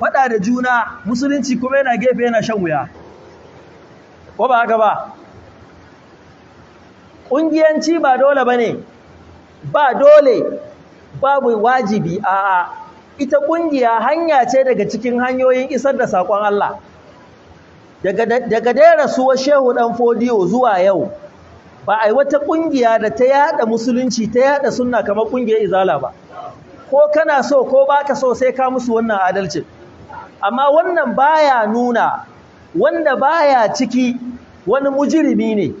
faɗa da juna musulunci kuma yana gefe yana shan wuya ko ba haka ba ƙungiyanci ba dole ba ne ba dole babu wajibi a'a ita ƙungiya hanya ce daga cikin hanyoyin isar da saƙon Allah daga dai rasuwar shehu ɗan fodiyo zuwa yau ba a wata ƙungiya da ta yada musulunci ta yada sunna kamar ƙungiyar izala ba ko kana so ko baka so sai ka musu wannan adalcin amma wannan baya nuna wanda baya ciki wani mujirimi ne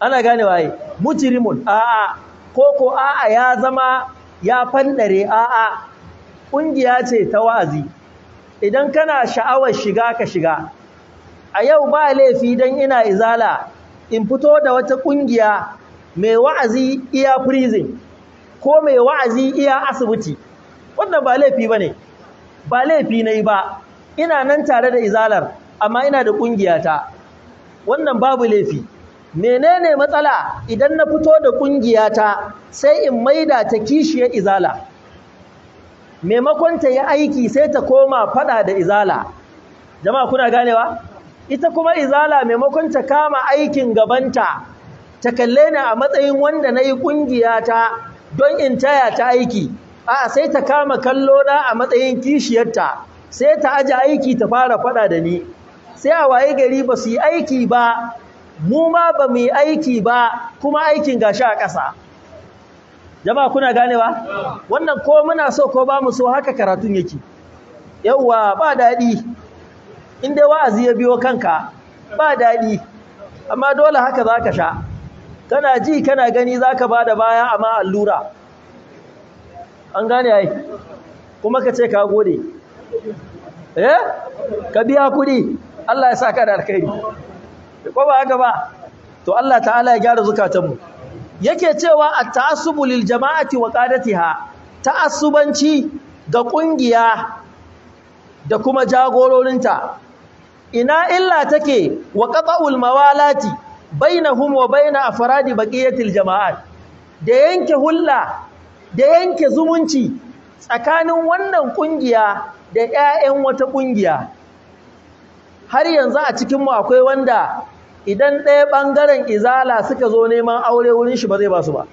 ana gane waye mujrimun a'a koko a'a ya zama ya fandare a'a kungiya ce ta wazi idan kana sha'awar shiga ka shiga a yau ba laifi dan ina izala in fito da wata kungiya mai wa'azi iya prison ko mai wa'azi iya asibiti wannan ba laifi bane ba laifi nayi ba ina nan tare da izalar amma ina da ƙungiyata wannan babu laifi menene matsala idan na fito da ƙungiyata sai in maida ta kishiyar izala maimakon ta yi aiki sai ta koma fada da izala jama'a kuna ganewa ita kuma izala maimakon ta kama aikin gabanta ta kalle ni a matsayin wanda na yi ƙungiyata don in taya ta aiki a sai ta kama kallo na a matsayin kishiyarta sai ta aje aiki ta fara fada da ni sai a waye gari ba su yi aiki ba mu ma ba mu yi aiki ba kuma aikin gashi a ƙasa jama'a kuna gane ba? wannan ko muna so ko ba mu so haka karatun yake yawwa ba daɗi in dai wa'azi ya biyo kanka ba daɗi amma dole haka za ka sha kana ji kana gani za ka ba da baya amma allura an gane ai kuma ka ce ka gode eh ka biya kuɗi Allah ya saka da alkhairi ko ba haka ba to Allah ta'ala ya gyara zukatanmu yake cewa at-ta'assubu lil jama'ati wa qadatiha ta'assubanci ga kungiya da kuma jagororinta ina illa take wa qata'ul mawalati bainahum wa bain afradi baqiyatil jama'at da yanke hulla da yanke zumunci tsakanin wannan ƙungiya da 'ya'yan wata ƙungiya har yanzu a cikinmu akwai wanda idan ɗaya ɓangaren izala suka zo neman aure wurin shi ba zai ba su ba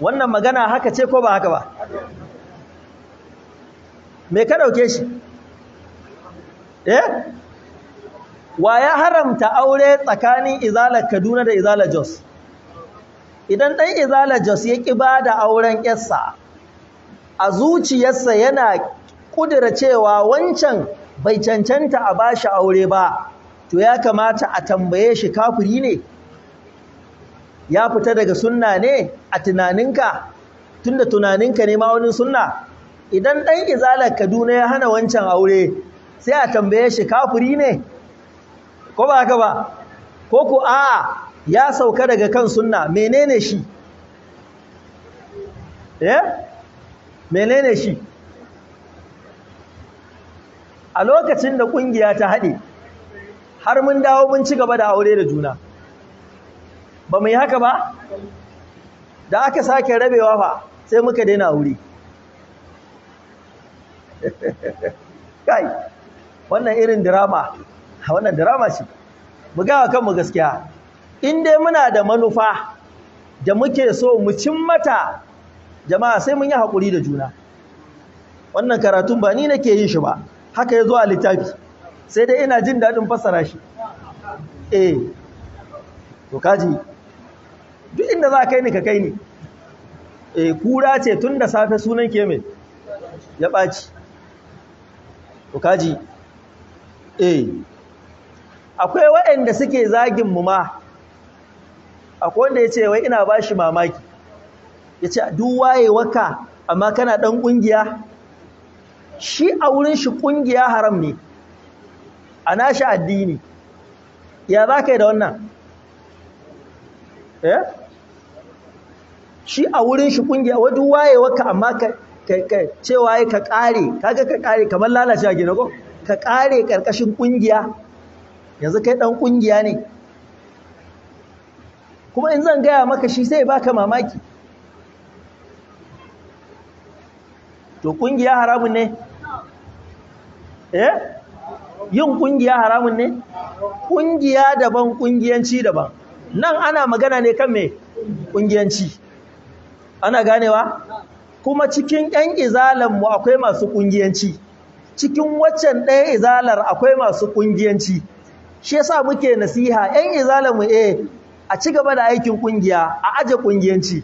wannan magana haka ce ko ba haka ba me ka ɗauke shi eh wa ya haramta aure tsakanin izalar kaduna da izalar jos idan ɗan izala jos ya ƙi ba da auren ƙyarsa a zuciyarsa yana ƙudura cewa wancan bai cancanta a bashi aure ba to ya kamata a tambaye shi kafuri ne ya fita daga sunna ne a tunaninka tunda tunaninka ne ma wani sunna idan ɗan izalar kaduna ya hana wancan aure sai a tambaye shi kafuri ne ko ba haka ba ko ku a'a ya sauka daga kan sunna menene shi eh menene shi a lokacin da kungiya ta haɗe har mun dawo mun ci gaba da aure da juna ba mu yi haka ba da aka sake rabewa fa sai muka daina aure kai wannan irin drama wannan drama ce mu ga kanmu gaskiya in dai muna da manufa da muke so mu cin mata jama'a sai mun yi haƙuri da juna wannan karatun ba ni nake yin shi ba haka ya zo a littafi sai dai ina jin daɗin fassara shi eh to kaji duk inda za kai ni ka kai ni eh kura ce tun da safe sunan ke mai ya ɓaci to kaji eh akwai waɗanda suke zagin mu ma akwai wanda ya ce wai ina ba shi mamaki ya ce duk waka amma kana ɗan ƙungiya shi a wurin shi ƙungiya haram ne a nashi addini ya za ka yi da wannan eh shi a wurin shi ƙungiya waye waka amma ka cewa ka ƙare kaga ka ƙare kamar lalace a gina ko ka ƙare ƙarƙashin ƙungiya yanzu kai ɗan ƙungiya ne kuma in zan gaya maka shi sai baka mamaki to kungiya haramun ne eh yin kungiya haramun ne kungiya daban kungiyanci daban nan ana magana ne kan me kungiyanci ana ganewa kuma cikin ɗan izalan mu akwai masu kungiyanci cikin waccan ɗaya izalar akwai masu kungiyanci shi yasa muke nasiha ɗan izalan mu eh a ci gaba da aikin kungiya a aje kungiyanci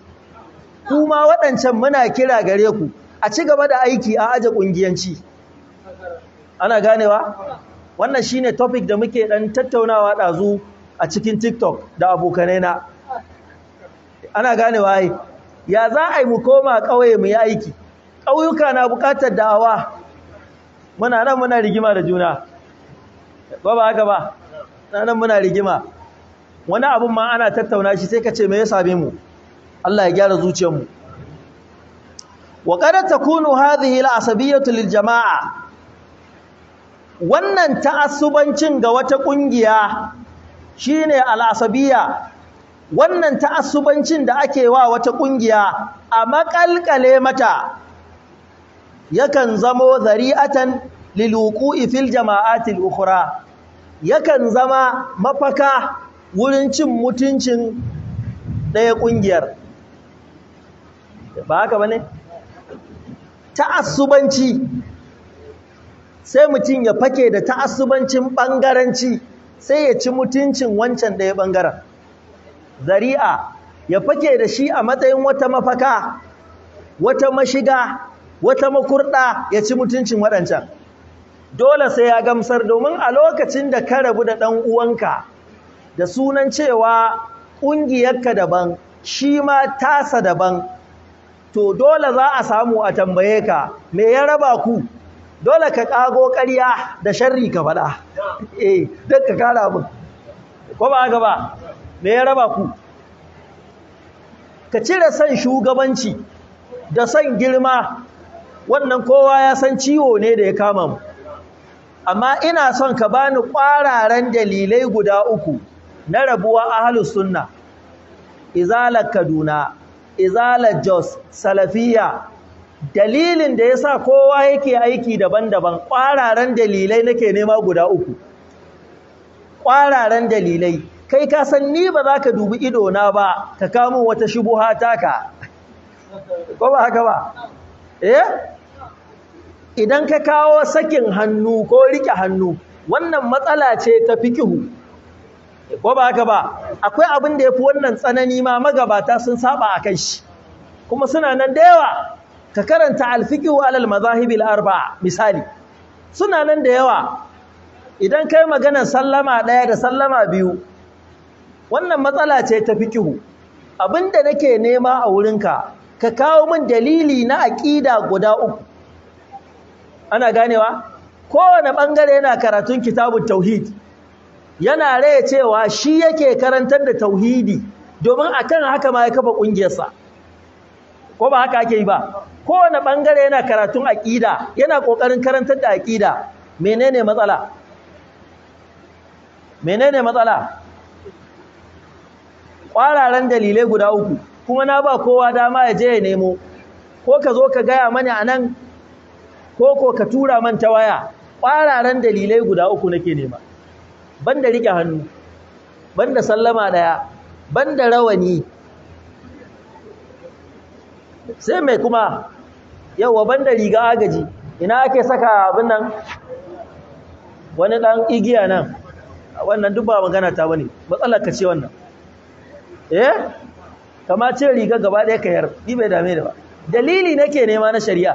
kuma waɗancan muna kira gare ku a ci gaba da aiki a aje kungiyanci ana ganewa wannan shine topic da muke dan tattaunawa dazu a cikin TikTok da abokanai na ana ganewa ai ya za a yi mu koma ƙauye mu yi aiki ƙauyuka na buƙatar da'awa muna nan muna rigima da juna ba ba haka ba nan muna rigima wani abin ma ana tattauna shi sai ka ce me ya same mu Allah ya gyara zuciyarmu wa ta kunu hadhihi al lil jama'a wannan ta'assubancin ga wata kungiya shine al wannan ta'assubancin da ake wa wata kungiya a makalkale mata yakan zamo zari'atan lil wuqu'i fil jama'ati al-ukhra yakan zama mafaka wurin cin mutuncin ɗaya ƙungiyar ba haka ba ne? ta'assubanci sai mutum ya fake da ta'assubancin ɓangaranci sai ya ci mutuncin wancan ɗaya ɓangaren zari'a ya fake da shi a matsayin wata mafaka wata mashiga wata makurɗa ya ci mutuncin waɗancan dole sai ya gamsar domin a lokacin da ka rabu da ɗan uwanka da sunan cewa ƙungiyarka daban shi ma tasa daban to dole za a samu a tambaye ka me ya raba ku dole ka kago ƙarya da sharri ka faɗa eh duk ka kara mun ko ba ba me ya raba ku ka cire son shugabanci da son girma wannan kowa ya san ciwo ne da ya kama mu amma ina son ka bani ƙwararen dalilai guda uku na rabuwa ahlus sunna izalar kaduna izalar jos salafiya dalilin da yasa kowa yake aiki daban-daban kwararan dalilai nake nema guda uku kwararen dalilai kai ka san ni ba za ka dubi idona ba ka kamo wata shubuha taka ko ba haka ba eh idan ka kawo sakin hannu ko rike hannu wannan matsala ce ta fikihu ko ba haka ba akwai abin da ya fi wannan tsanani ma magabata sun saba a kai shi kuma suna nan da yawa ka karanta alfiqihu alal mazahibil arba'a misali suna nan da yawa idan kai maganar sallama ɗaya da sallama biyu wannan matsala ce ta fiqihu abinda nake nema a wurinka ka kawo min dalili na aqida guda uku ana ganewa kowane bangare yana karatun kitabut tauhid yana raya cewa shi yake karantar da tauhidi domin akan haka ma ya kafa ƙungiyarsa ko ba haka ake yi ba kowane ɓangare yana karatun Aqida, yana ƙoƙarin karantar da Aqida. menene matsala menene matsala dalilai guda uku kuma na ba kowa dama ya je ya nemo ko ka zo ka gaya mani a nan ko ko ka tura man ta waya Kwararen dalilai guda uku nake nema banda rike hannu banda sallama daya banda rawani sai mai kuma yawa banda riga agaji ina ake saka abin nan wani dan igiya nan wannan duk ba magana ta bane matsalar ka ce wannan eh kama ce riga gaba ɗaya ka yar ni bai dame da ba dalili nake nema na shari'a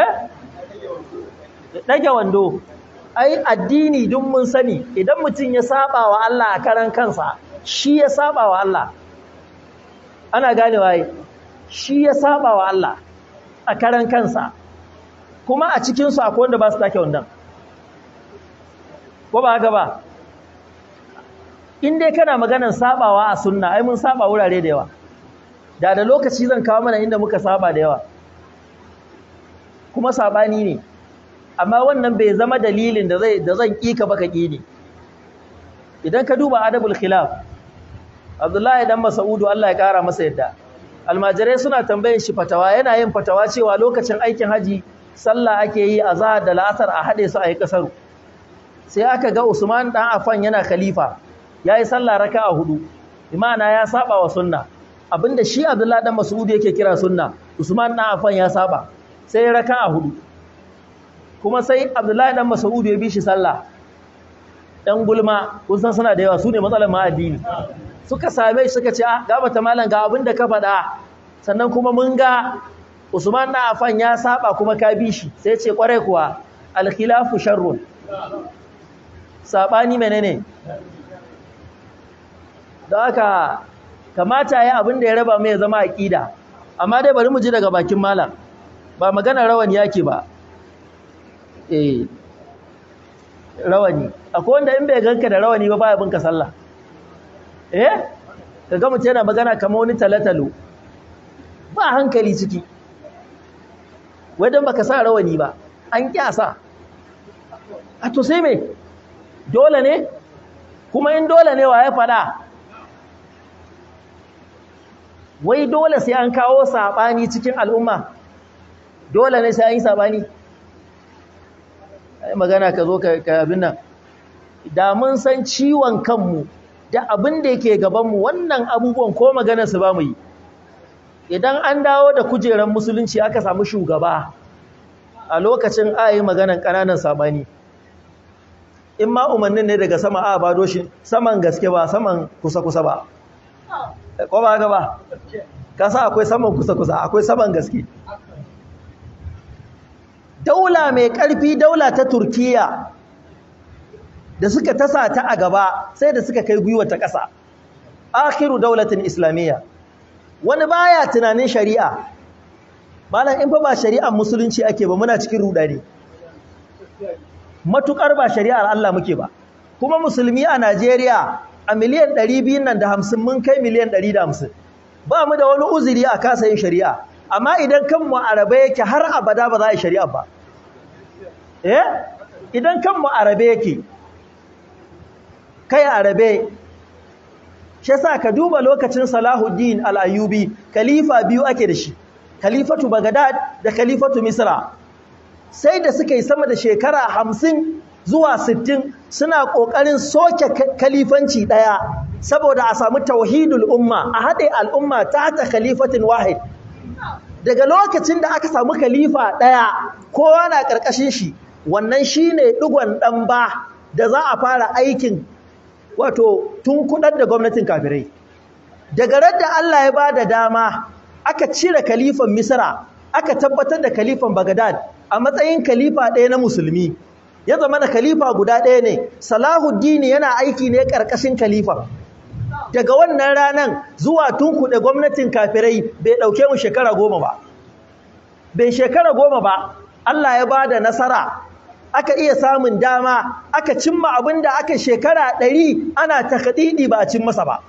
eh Dage wando ai addini duk mun sani idan mutum ya saba wa Allah a karan kansa shi ya saba wa Allah ana gane waye shi ya saba wa Allah a karan kansa kuma a cikin su akwai wanda ba su take wannan ko ba haka ba in dai kana maganar sabawa a sunna ai mun saba wurare da yawa da da lokaci zan kawo mana inda muka saba da yawa kuma sabani ne amma wannan bai zama dalilin da zai da zan kika baka kini idan ka duba adabul khilaf Abdullahi dan Mas'udu Allah ya kara masa yadda almajirai suna tambayin shi fatawa yana yin fatawa cewa lokacin aikin haji sallah ake yi a zahar da la'asar a haɗe su a yi ƙasar sai aka ga Usman dan Afan yana khalifa yayi sallah raka a hudu imana ya saba wa sunna abinda shi Abdullahi dan Mas'udu yake kira sunna Usman dan Afan ya saba sai raka a hudu kuma sai abdullahi dan mas'ud ya bi shi sallah dan gulma kun san suna da yawa su ne matsalar ma addini suka same shi suka ce a, ah, gaba ta malam ga abin da ka faɗa sannan kuma mun ga Usman na afan ya saba kuma ka bi shi sai ce kwarai kuwa alkhilafu sharrun sabani menene da haka kamata ya abin da ya raba mai zama aqida amma dai bari mu ji daga bakin malam ba magana rawani yake ba eh rawani akwai wanda in bai ganka da rawani ba baya binka sallah eh kaga mutum yana magana kamar wani talatalo ba hankali ciki Wai dan baka sa rawani ba an kyasa a to sai me dole ne kuma in dole ne wa ya fada wai dole sai an kawo sabani cikin al'umma dole ne sai an yi sabani magana ka zo ka abin nan da mun san ciwon kanmu da abin da yake gabanmu wannan abubuwan ko maganar su ba mu yi idan an dawo da kujeran musulunci aka samu shugaba a lokacin a yi maganar ƙananan sabani in ma umarnin ne daga sama a ba doshi saman gaske ba saman kusa-kusa ba ko ba ba kasa akwai saman kusa-kusa akwai saman gaske daula mai ƙarfi daula ta turkiya da suka tasa ta a gaba sai da suka kai gwiwa ta ƙasa akhiru daulatin islamiyya wani baya tunanin shari'a malam in fa ba shari'ar musulunci ake ba muna cikin rudani matukar ba shari'ar Allah muke ba kuma musulmi a Najeriya a miliyan 250 mun kai miliyan 150 ba mu da wani uzuri a kasa yin shari'a amma idan kanmu arabai yake har abada ba za a yi shari'a ba eh idan kanmu arabe yake kai arabe shi yasa ka duba lokacin Salahuddin al-Ayyubi khalifa biyu ake da shi khalifatu Baghdad da khalifatu Misra sai da suka yi sama da shekara 50 zuwa 60 suna kokarin soke khalifanci daya saboda a samu tauhidul umma a hade al'umma ta ta khalifatin wahid daga lokacin da aka samu khalifa daya kowa na karkashin shi wannan shi ne ɗugon ɗan ba da za a fara aikin wato tun kudar da gwamnatin kafirai daga radda Allah ya ba da dama aka cire kalifan Misira, aka tabbatar da kalifan Bagdad a matsayin kalifa ɗaya na musulmi ya zama na kalifa guda ɗaya ne salahuddini yana aiki ne ƙarƙashin kalifa daga wannan ranan zuwa tun kuɗe gwamnatin kafirai bai ɗauke mu shekara goma ba bai shekara goma ba Allah ya ba da nasara aka iya samun dama aka cimma abin da aka shekara ɗari ana ta ba a cin masa ba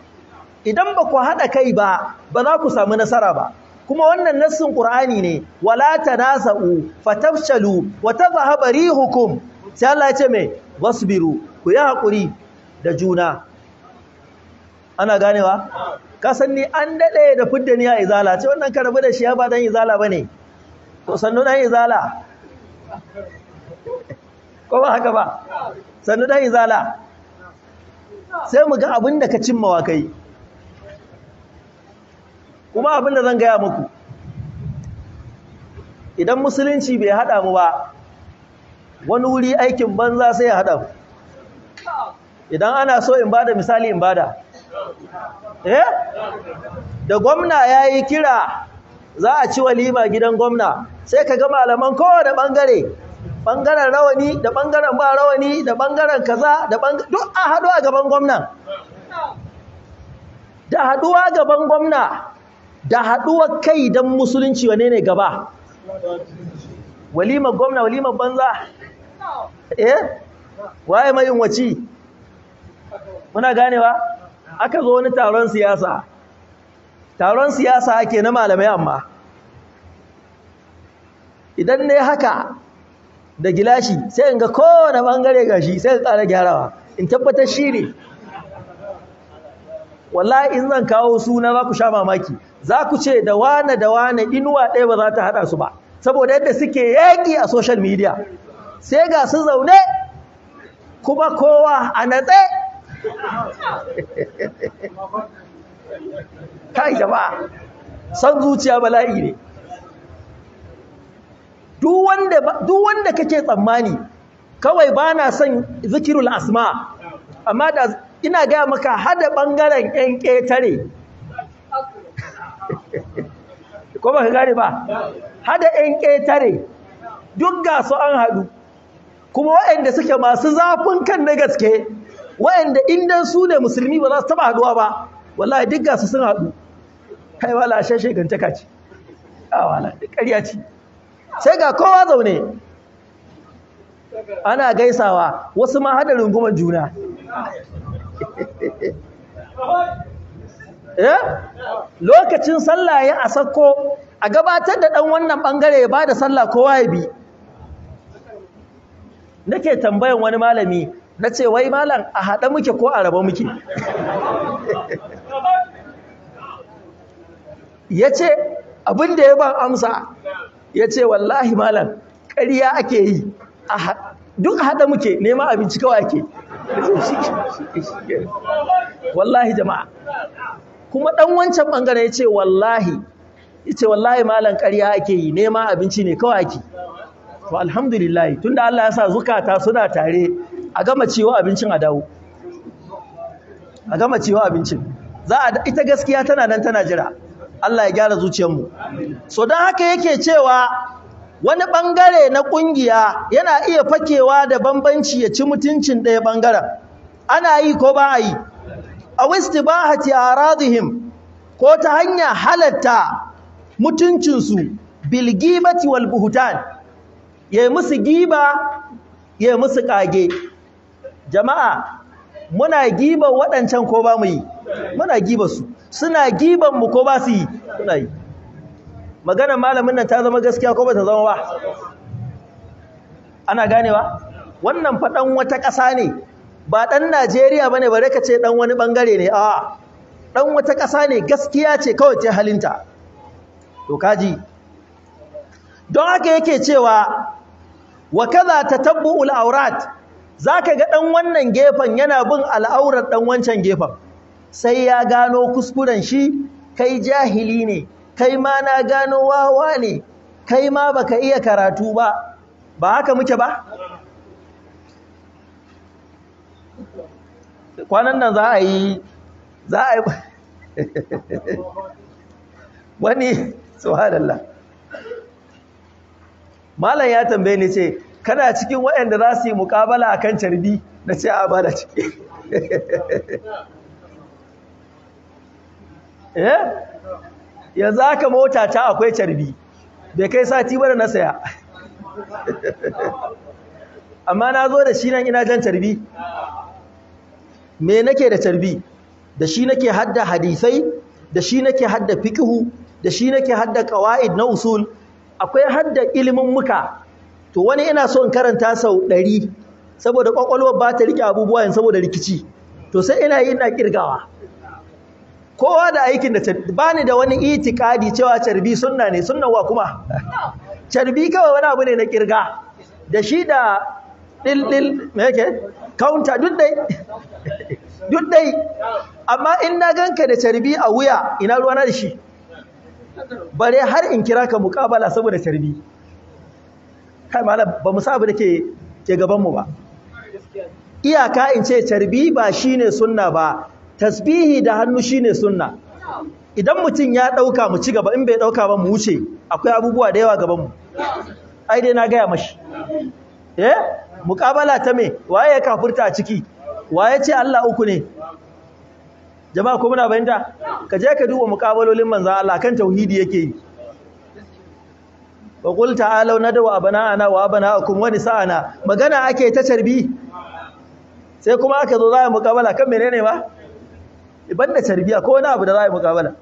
idan ba ku haɗa kai ba ba za ku samu nasara ba kuma wannan nassin ƙur'ani ne wala tanasau fatafshalu wa tadhhabu hukum. sai Allah ya ce me wasbiru ku yi hakuri da juna ana ganewa ka san ni an daɗe da fidda ni a izala ce wannan ka rabu da shi ba dan izala bane to sannu dan izala ko ba haka ba sannu dan izala sai mu ga abin da ka cimmawa kai kuma abin da zan gaya muku idan musulunci bai haɗa mu ba wani wuri aikin banza sai ya haɗa mu idan ana so in bada misali in bada eh da gwamna yayi kira za a ci walima gidan gwamna sai ka ga malaman kowane bangare bangaren rawani da bangaren ba rawani da bangaren kaza da bangaren duk a haɗu gaban gwamna da haɗuwa gaban gwamna da haɗuwa kai don musulunci wane ne gaba walimar gwamna walimar banza eh waye mai waci muna ganewa aka zo wani taron siyasa taron siyasa ake na malamai amma idan ne haka da gilashi sai in ga kowane bangare gashi sai in ƙara gyarawa in tabbatar shi ne wallahi in zan kawo suna za ku sha mamaki za ku ce da wane da wane inuwa ɗaya ba za ta haɗa su ba saboda yadda suke yaƙi a social media sai ga su zaune kuma kowa a natse kai jama'a san zuciya bala'i ne duk wanda kake tsammani kawai ba na son zikirul asma amma da ina gaya maka hada ɓangaren ƴan ƙetare ko ba ka gane ba hada ƴan ƙetare duk ga su an haɗu kuma waɗanda suke masu zafin kan na gaske waɗanda indan su ne musulmi ba za su taɓa haɗuwa ba wallahi duk ga su sun haɗu kai wala gantaka ce a ah, wala duk ƙarya ce sai ga kowa zaune ana gaisawa wasu ma hada runguman juna eh? lokacin sallah ya a sakko a gabatar da ɗan wannan ɓangare ya ba da sallah kowa ya bi nake tambayan wani malami na ce wai malam a haɗa muke ko a raba muke ya ce abin ya ban amsa ya ce wallahi malam ƙariya ake yi duk haɗa muke nema abinci kawai ake wallahi jama'a kuma ɗan wancan ɓangare ya ce wallahi ya ce wallahi malam ƙariya ake yi nema abinci ne kawai ake to tun tunda Allah ya sa zukata suna tare a gama cewa abincin a dawo a gama cewa abincin za a ita gaskiya tana nan tana jira Allah ya gyara zuciyarmu so don haka yake cewa wani bangare na ƙungiya yana iya fakewa da bambanci ya ci mutuncin ɗaya bangaren ana yi ko ba a yi a a razihim ko ta hanya halatta mutuncinsu bil gibati wal ya yi musu giba yi musu kage jama'a muna giba waɗancan ko ba mu yi muna giba su suna giban mu ko ba su yi suna yi maganar malamin nan ta zama gaskiya ko ba ta zama ba ana ganewa wannan faɗan wata ƙasa ne ba ɗan najeriya ba ne bare ka ce ɗan wani ɓangare ne a ɗan wata ƙasa ne gaskiya ce kawai ce halinta to kaji don haka yake cewa wa kaza tatabbu'ul aurat zaka ga ɗan wannan gefen yana bin al'aurar ɗan wancan gefen sai ya gano kuskuren shi kai jahili ne kai ma na gano wawa ne kai ma baka iya karatu ba ba haka muke ba kwanan nan za a yi za a yi wani subhanallah malam ya tambaye ni ce kana cikin waɗanda za su yi a akan carbi na ce a ba da ciki Eh? yanzu aka mota ta akwai carbi bai kai sati ba na saya amma na zo da shi nan ina jan carbi me nake da carbi da shi nake hadda hadisai da shi nake hadda fikihu da shi nake hadda qawaid na usul akwai hadda ilimin muka to wani ina so in karanta sau ɗari saboda kwakwalwar ba ta rike abubuwa yin saboda rikici to sai ina yi ina kirgawa kowa da aikin da ba ni da wani itikadi cewa carbi sunna ne sunnan wa kuma carbi kawai wani abu ne na kirga da shi da dildil me yake counter duk dai amma in na ganka da carbi a wuya ina ruwana da shi bare har in kira ka muƙabala saboda carbi kai malam ba mu sabu da ke ke gaban mu ba iyaka in ce carbi ba shine sunna ba tasbihi da hannu shine sunna idan mutum ya ɗauka mu ci gaba in bai ɗauka ba mu wuce akwai abubuwa da yawa gabanmu ai dai na gaya mashi eh muƙabala ta me waye ya kafurta a ciki waye ce Allah uku ne jama'a ko muna bayanta ka je ka duba muƙabalolin manzon Allah kan tauhidi yake yi wa qul ta'ala nadu abana'ana wa abana'akum wa nisa'ana magana ake ta tarbi sai kuma aka zo za a muƙabala kan menene ba Iban da tarbiya ko wani abu da za a yi mukabala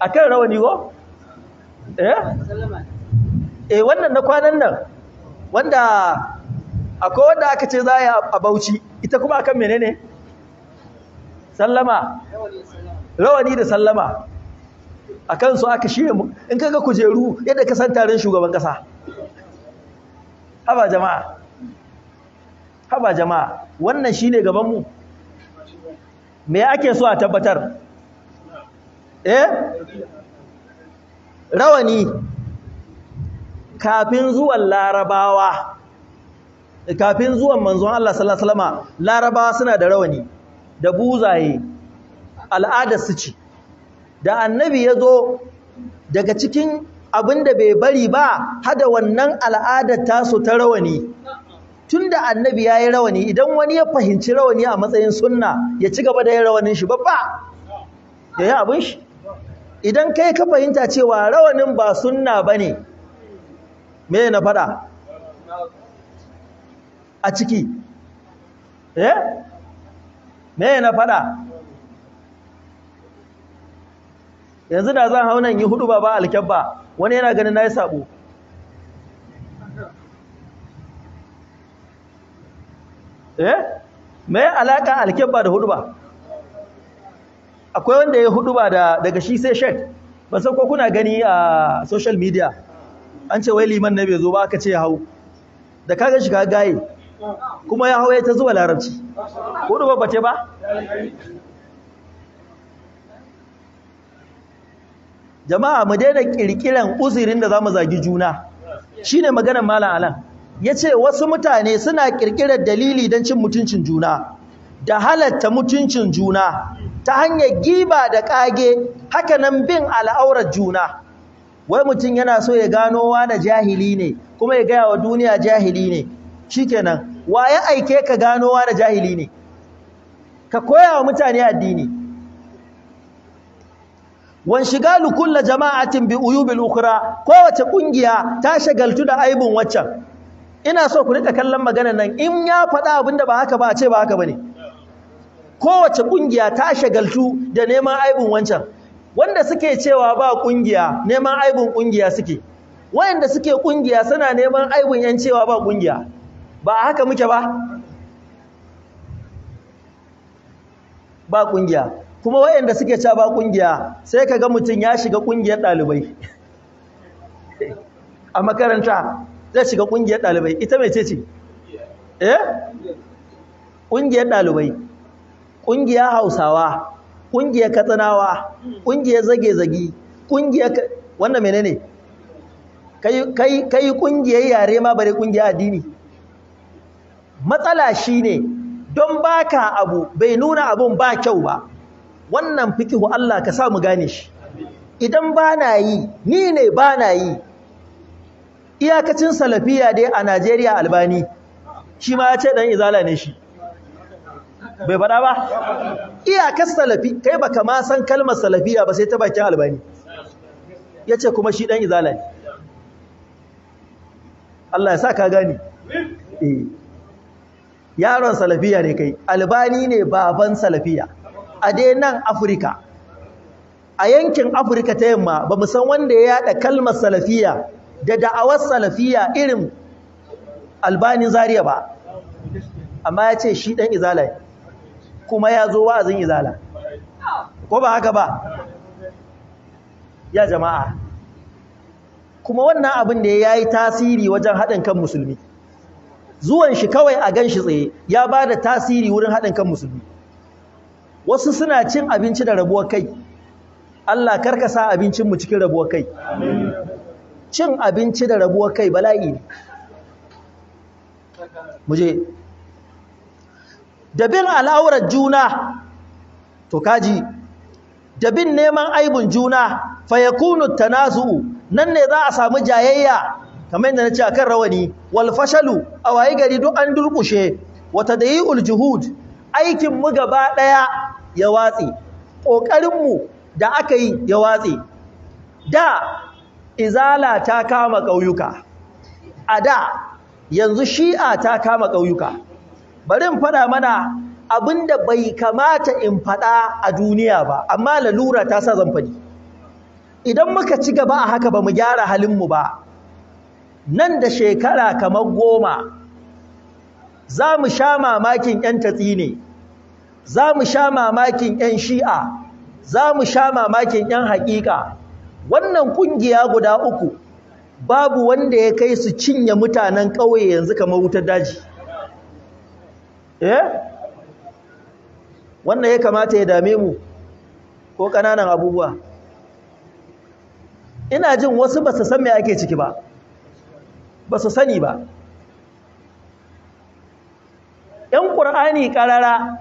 a kan rawani ko? eh? eh wannan na kwanan nan wanda akwai wanda aka ce za a yi a bauchi ita kuma akan menene? sallama rawani da sallama a kansu aka shirya mu in kaga kujeru yadda ka san tarin shugaban kasa haba jama'a haba jama'a wannan shi gaban mu me ake so a tabbatar eh rawani kafin zuwan larabawa kafin zuwan manzon Allah sallallahu alaihi wasallam larabawa suna da rawani da buzaye al'adar su ci da annabi ya zo daga cikin abinda bai bari ba hada wannan al'adar su ta rawani tunda annabi ya yi rawani idan wani ya fahimci rawani a matsayin sunna ya ci gaba da yin rawanin shi babba ya yi abin shi idan kai ka fahimta cewa rawanin ba sunna ba ne me na faɗa a ciki eh me na faɗa yanzu da zan hau nan yi hudu ba ba alkyabba wani yana ganin na yi sabo eh me alaka alkibba da huduba akwai wanda ya huduba da daga shi sai shek ba san ko kuna gani a social media an ce wai liman na bai zo ba aka ce ya hau da kaga shi ka gaye kuma ya hau ya ta zuwa larabci huduba ba ce ba jama'a mu daina kirkiran uzurin da zamu zagi juna shine maganar malam alan ya ce wasu mutane suna ƙirƙirar dalili don cin mutuncin juna da halatta mutuncin juna ta hanyar giba da ƙage hakanan bin al'aurar juna wai mutum yana so ya gano wane jahili ne kuma ya gaya wa duniya jahili ne shi kenan wa ya aike ka gano wane jahili ne ka koya wa mutane addini wan shigalu kullu jama'atin bi uyubil ukhra kowace kungiya ta shagaltu da aibun waccan ina so ku rika kallon maganar nan in ya faɗa abin da ba haka ba a ce ba haka ba ne kowace ƙungiya ta shagaltu da neman aibin wancan wanda suke cewa ba ƙungiya neman aibin ƙungiya suke wayanda suke ƙungiya suna neman aibin yan cewa ba ƙungiya ba haka muke ba ba ƙungiya kuma wayanda suke cewa ba ƙungiya sai ka ga mutum ya shiga ƙungiyar ɗalibai a makaranta zai shiga ƙungiyar ɗalibai ita mai ce ce eh ƙungiyar ɗalibai ƙungiyar hausawa ƙungiyar katsinawa ƙungiyar zage-zage ƙungiyar wannan ne? kai ƙungiyar yare ma bare ƙungiyar addini matsala shine don baka abu bai nuna abun ba kyau ba wannan fikihu Allah ka sa mu gane shi idan ba na yi ni ne ba na yi iyakacin salafiya dai a Najeriya albani shi ma ya ce dan izala ne shi bai faɗa ba iyakar salafi kai baka ma san kalmar salafiya ba sai ta bakin albani ya ce kuma shi dan izala ne Allah ya sa ka gani eh. yaron salafiya ne kai albani ne baban salafiya a dai nan afirka a yankin afirka ta yamma ba mu san wanda ya yada kalmar salafiya da da'awar salafiya irin albanin zariya ba amma ya ce shi ɗan izala ne kuma ya zo wa'azin izala ko ba haka ba ya jama'a kuma wannan abin da ya yi tasiri wajen haɗin kan musulmi zuwan shi kawai a gan shi tsaye ya ba da tasiri wurin haɗin kan musulmi wasu suna cin abinci da rabuwar kai Allah karka sa abincinmu cikin rabuwar kai cin abinci da rabuwar kai bala'i ne muje da bin al'aurar juna to kaji da bin neman aibun juna fa yakunu nan ne za a samu jayayya kamar yadda a akan rawani wal fashalu a wayi gari duk an durkushe da tadayul juhud aikin mu gaba ɗaya ya watsi ƙoƙarinmu da aka yi ya watsi da izala ta kama ƙauyuka a da yanzu shi'a ta kama ƙauyuka bari in faɗa mana abinda bai kamata in faɗa a duniya ba amma lalura ta sa zamfani. idan muka ci gaba a haka ba mu gyara mu ba nan da shekara kamar goma za mu sha mamakin 'yan tatsi ne za mu sha mamakin 'yan shi'a za mu sha mamakin 'yan haƙiƙa wannan kungiya guda uku babu wanda ya kai su cinye mutanen ƙauye yanzu kamar wutar daji eh wannan ya kamata ya dame mu ko ƙananan abubuwa ina jin wasu ba su san me ake ciki ba ba su sani ba ‘yan ƙur'ani ƙarara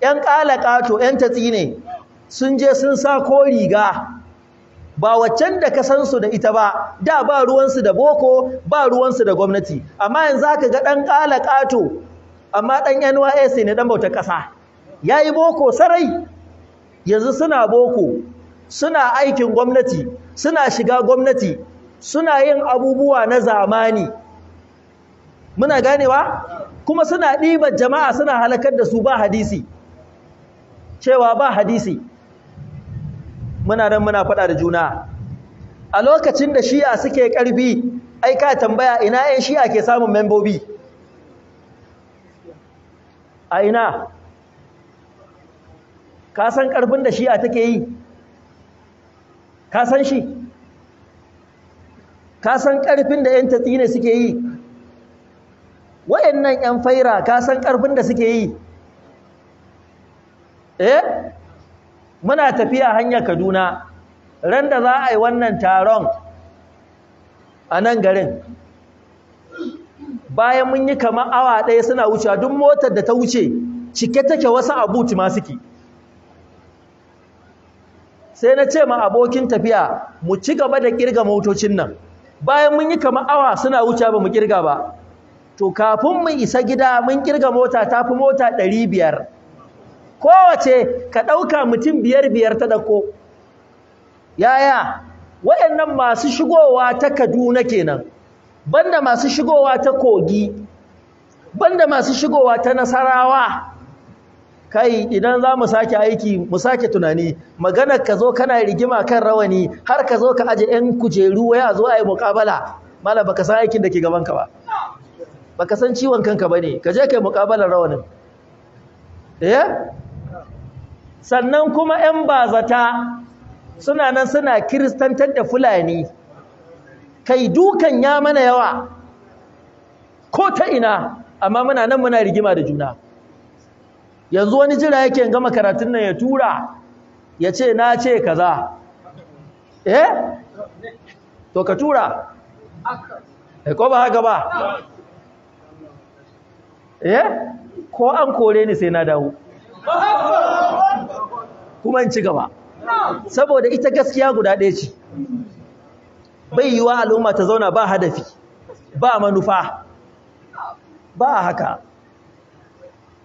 ‘yan ƙalaƙato ‘yan tatsi ne sun je sun sa ko riga ba waccan da ka san su da ita ba da ba ruwansu da boko ba ruwansu da gwamnati amma yanzu haka ga ɗan ƙala ƙato amma ɗan NYS ne ɗan bautar ƙasa ya yi boko sarai yanzu suna boko suna aikin gwamnati suna shiga gwamnati suna yin abubuwa na zamani muna ganewa kuma suna ɗibar jama'a suna halakar da su ba hadisi cewa ba hadisi muna nan muna faɗa da juna a lokacin da shi'a suke ƙarfi ai ka tambaya ina ƴan shi'a ke samun membobi a ina ka san ƙarfin da shi'a take yi ka san shi ka san ƙarfin da ƴan tatsine suke yi waɗannan 'yan faira ka san ƙarfin da suke yi eh muna tafiya hanyar kaduna ran da za a yi wannan taron a nan garin bayan mun yi kamar awa ɗaya suna wucewa duk motar da ta wuce cike take wasu abuti ma suke sai na ce ma abokin tafiya mu ci gaba da kirga motocin nan bayan mun yi kamar awa suna wucewa ba mu kirga ba to kafin mu isa gida mun kirga mota ta fi mota ɗari biyar kowace ka ɗauka mutum biyar biyar ta ɗako yaya waɗannan masu shigowa ta kaduna kenan banda masu shigowa ta kogi banda masu shigowa ta nasarawa kai idan za mu sake aiki mu sake tunani maganar ka zo kana rigima kan rawani har ka zo ka aje 'yan kujeru wai a zo a yi muƙabala mala baka san aikin da ke gabanka ba baka san ciwon kanka ba ne ka je ka yi muƙabalar rawanin eh sannan kuma 'yan bazata suna nan suna kiristantar da fulani kai dukan ya mana yawa ko ta ina amma muna nan muna rigima da juna yanzu wani jira yake gama karatun nan ya tura ya ce na ce kaza eh to ka tura eh ko ba haka ba eh ko an kore ni sai na dawo kuma in ci gaba saboda ita gaskiya guda ɗaya ce bai yiwa al'umma ta zauna ba hadafi ba manufa ba haka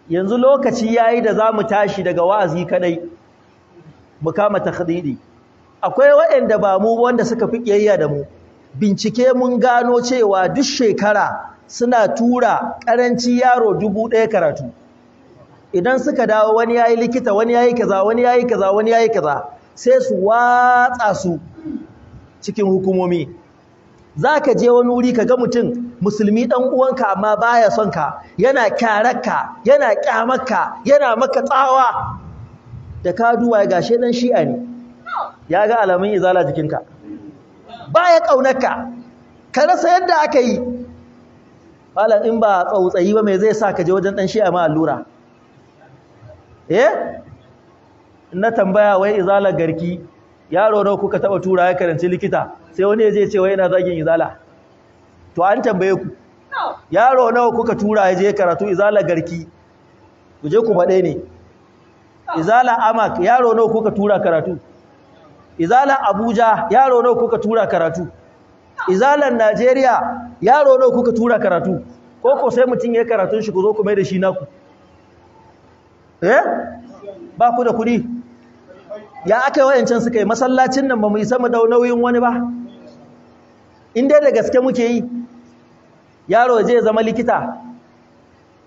yanzu lokaci ya yi da za mu tashi daga wa'azi kadai mu kama takhdidi akwai waɗanda ba mu wanda suka fi kiyayya da mu bincike mun gano cewa duk shekara suna tura karanci yaro dubu ɗaya karatu idan suka dawo wani yayi likita wani yayi kaza wani yayi kaza wani yayi kaza sai su watsa su cikin hukumomi zaka je wani wuri kaga mutum musulmi dan uwanka amma baya son ka yana kyararka yana kyamarka yana maka tsawa da ka duwa gashe dan shi'a ne ya ga alamun izala jikinka baya kaunarka ka rasa yadda aka yi malam in ba tsautsayi ba me zai sa ka je wajen dan shi'a ma allura eh na tambaya wai izala garki yaro nawa kuka taba tura ya karanci likita sai wani ya je ce wai yana zagin izala to an tambaye ku yaro nawa kuka tura ya je karatu izala garki ku je ku faɗe ne izala amak yaro nawa kuka tura karatu izala abuja yaro nawa kuka tura karatu Izala najeriya yaro nawa kuka tura karatu ko ko sai mutum ya karatun shi ku zo ku mai da shi naku eh ba ku da kuɗi ya aka yi wayancin suka yi masallacin nan ba mu isa mu dau nauyin wani ba in dai da gaske muke yi yaro je zama likita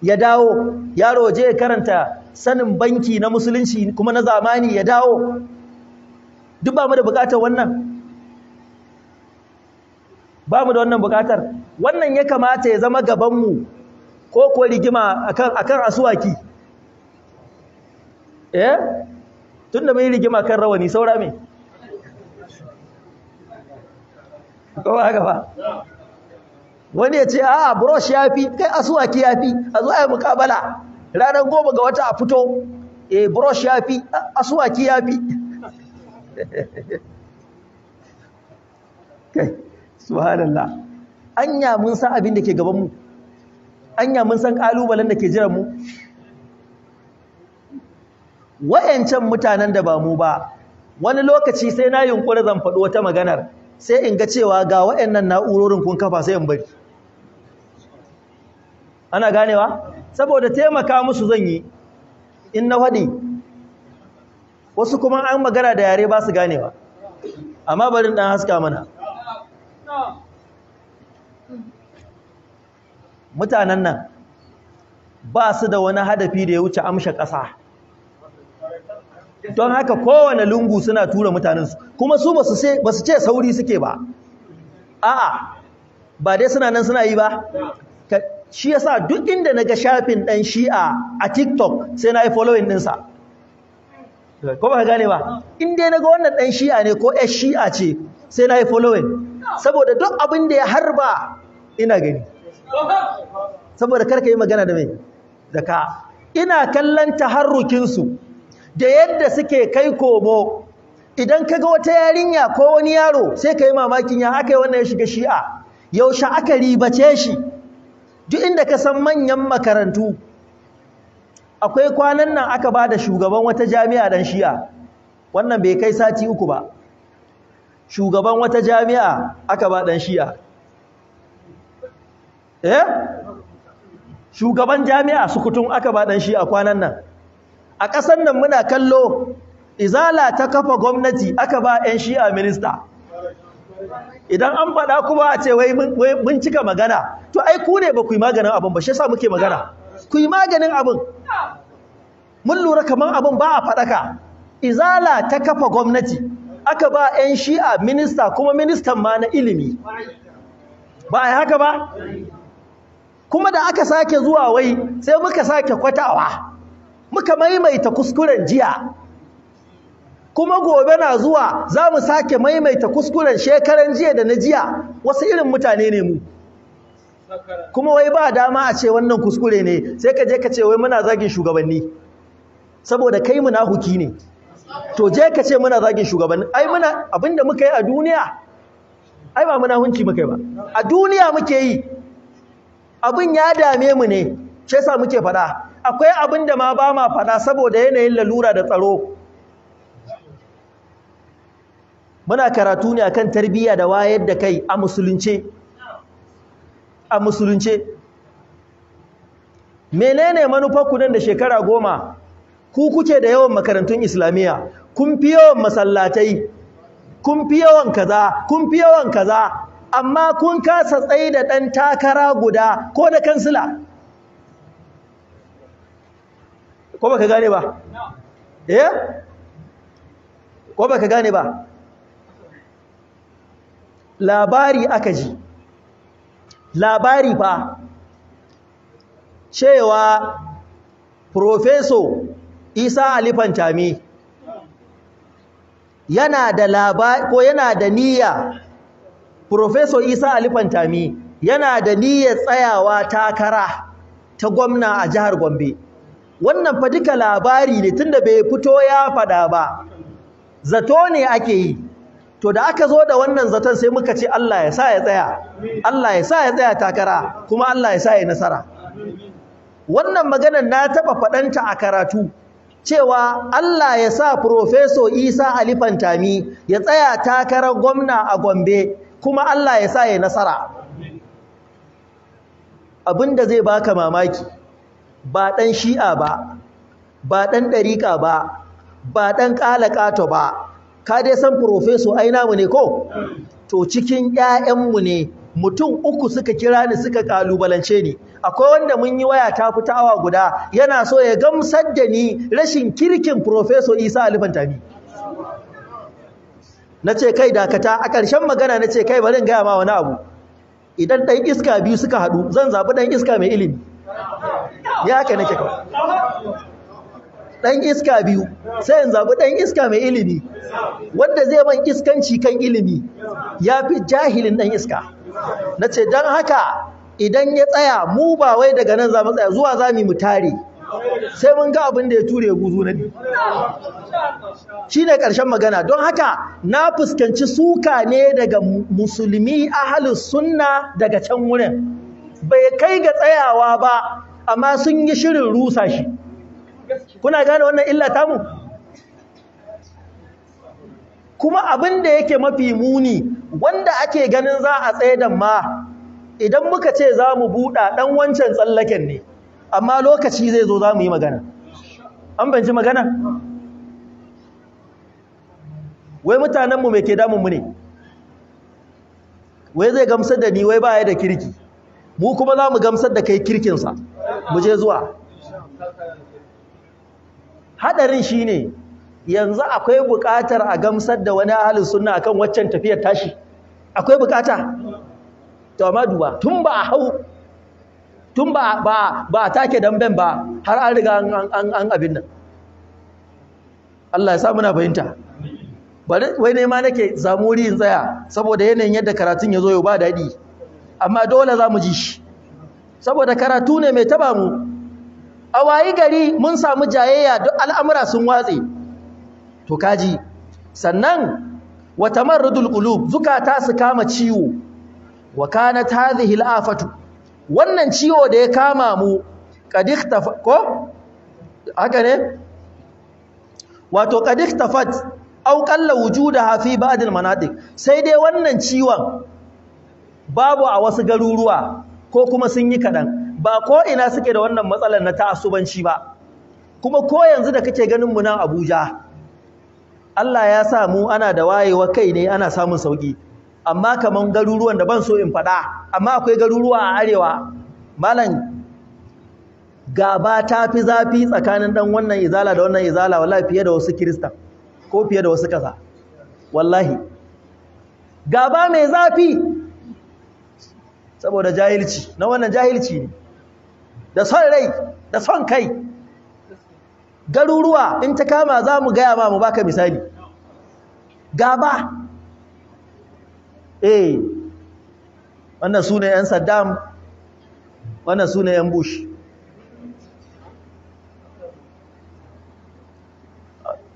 ya dawo yaro je karanta sanin banki na musulunci kuma na zamani ya dawo duk ba mu da bukatar wannan ba mu da wannan bukatar wannan ya kamata ya zama gabanmu ko ko rigima akan akan asuwaki eh tunda mai rigima kan rawani saura me ko haka ba wani ya ce a brush ya fi kai asuwaki ya fi a zo ayi mukabala ranar goma ga wata a fito e brush ya fi asuwaki ya fi kai subhanallah anya mun san abin da ke gaban mu? anya mun san kalubalen da ke mu? wayancan mutanen da ba mu ba wani lokaci sai na yunkuri zan faɗo wata maganar sai in ga cewa ga wayannan na'urorin kun kafa sai in bari ana ganewa saboda taimaka musu zan yi in na faɗi wasu kuma an magana da yare ba su ganewa amma barin ɗan haska mana mutanen nan ba su da wani hadafi da ya wuce amsha ƙasa don haka kowane lungu suna tura mutanensu kuma su ba su ce sauri suke ba a'a ba dai suna nan suna yi ba shi yasa duk inda na ga shafin ɗan shi'a a tiktok sai na yi following ɗinsa ko ba ka gane ba inda na ga wannan ɗan shi'a ne ko ‘yar shi'a ce sai na yi following saboda duk abin da ya harba ina gani saboda karka yi magana da mai da ka ina kallon taharrukinsu da yadda suke kai komo idan ka ga wata yarinya ko wani yaro sai ka yi mamakin ya aka yi wannan ya shiga shi'a yaushe aka ribace shi duk inda ka san manyan makarantu akwai kwanan nan aka ba da shugaban wata jami'a dan shi'a wannan bai kai sati uku ba shugaban wata jami'a aka ba dan shi'a eh shugaban jami'a sukutun aka ba dan shi'a kwanan nan a ƙasar nan muna kallo izala ta kafa gwamnati aka ba 'yan shi'a minista idan an faɗa kuma a ce wai mun cika magana to ai ku ne ba ku yi maganin abin ba shi sa muke magana ku yi maganin abin mun lura kamar abin ba a faɗaka izala ta kafa gwamnati aka ba 'yan shi'a minista kuma ministan ma na ilimi ba a haka ba kuma da aka sake zuwa wai sai muka sake kwatawa muka maimaita kuskuren jiya kuma gobe na zuwa za mu sake maimaita kuskuren shekaran jiya da na jiya wasu irin mutane ne mu kuma wai ba dama a ce wannan kuskure ne sai ka je ka ce wai muna zagin shugabanni saboda kai huki ne to je ka ce muna zagin shugabanni ai muna abinda muka yi a duniya ai ba munahunci muka yi ba a duniya muke yi abin ya dame mu ne shi yasa muke faɗa akwai abin da ma ba ma faɗa saboda yanayin lalura da tsaro muna karatu ne akan tarbiyya da wayar da kai a musulunce a musulunce menene manufar nan da shekara goma ku kuke da yawan makarantun islamiyya kun fi yawan masallatai kun fi yawan kaza kun fi yawan kaza amma kun kasa tsaye da ɗan takara guda ko da kansila ko baka gane ba eh ko baka gane ba labari aka ji labari fa cewa profeso isa alifantami yana da labari ko yana da niyya profeso isa alifantami yana da niyyar tsayawa takara ta gwamna a jihar gombe wannan fa duka labari ne tunda bai fito ya faɗa ba zato ne ake yi to da aka zo da wannan zaton sai muka ce Allah ya sa ya tsaya Allah ya sa ya tsaya takara kuma Allah ya sa ya nasara wannan maganar na taɓa faɗanta a karatu cewa Allah ya sa professor Isa Ali Fantami ya tsaya takarar gwamna a Gombe kuma Allah ya sa ya nasara abinda zai baka mamaki ba ɗan shi'a ba ba ɗan ɗariƙa ba ba ɗan ƙala ƙato ba ka dai san profeso aina mu ne ko to cikin 'ya'yanmu ne mutum uku suka kira ni suka kalubalance ni akwai wanda mun yi waya ta fita awa guda yana so ya gamsar da ni rashin kirkin profeso isa alifantami na ce kai dakata a ƙarshen magana na ce kai bari gaya ma wani abu idan ɗan iska biyu suka haɗu zan zaɓi ɗan iska mai ilimi ya haka nake kawai dan iska biyu sai in zaɓi ɗan iska mai ilimi wanda zai man iskanci kan ilimi ya fi jahilin ɗan iska Na ce don haka idan ya tsaya mu ba wai daga nan za tsaya zuwa za mu tare sai mun ga abin da ya ture guzu na biyu ne ƙarshen magana don haka na fuskanci suka ne daga musulmi ahalus sunna daga can wurin bai kai ga tsayawa ba amma sun yi shirin rusa shi kuna gane wannan illa tamu kuma abin da yake mafi muni wanda ake ganin za a tsaye da ma idan muka ce za mu buɗa ɗan wancan tsallaken ne amma lokaci zai zo za mu yi magana an banci magana wai mutanenmu mai ke damunmu ne wai zai gamsar da ni wai ba ya da kirki mu kuma za mu gamsar da kai kirkinsa mu je zuwa hadarin shi ne yanzu akwai buƙatar a gamsar da wani ahalin sunna akan waccan tafiyar tashi akwai buƙata to amma duba tun ba a hau tun ba ba ba take damben ba har an riga an an abin nan Allah ya sa muna fahimta bari wai ne ma nake zamuri in tsaya saboda yanayin yadda karatun ya zo yau ba daɗi amma dole za mu ji shi saboda karatu ne mai taba mu a wayi gari mun samu jayayya duk al'amura sun watse to kaji sannan wata tamarrudul qulub zukata su kama ciwo wa kanat hadhihi al'afatu wannan ciwo da ya kama mu qad ko haka ne wato qalla wujudaha fi ba'd al sai dai wannan ciwon babu a wasu garuruwa ko kuma sun yi kaɗan ba ko ina suke da wannan matsalar na ta'assubanci ba kuma ko yanzu da kake ganin mu Abuja Allah ya sa mu ana da wayewa kai ne ana samun sauki amma kaman garuruwan da ban so in faɗa amma akwai garuruwa a arewa malam gaba ta fi zafi tsakanin dan wannan izala da wannan izala wallahi fiye da wasu kirista ko fiye da wasu ƙasa. wallahi gaba mai zafi saboda jahilci na wannan jahilci ne da son rai da son kai garuruwa in ta kama za mu gaya ma mu baka misali gaba eh wannan su ne 'yan saddam wannan su ne 'yan bush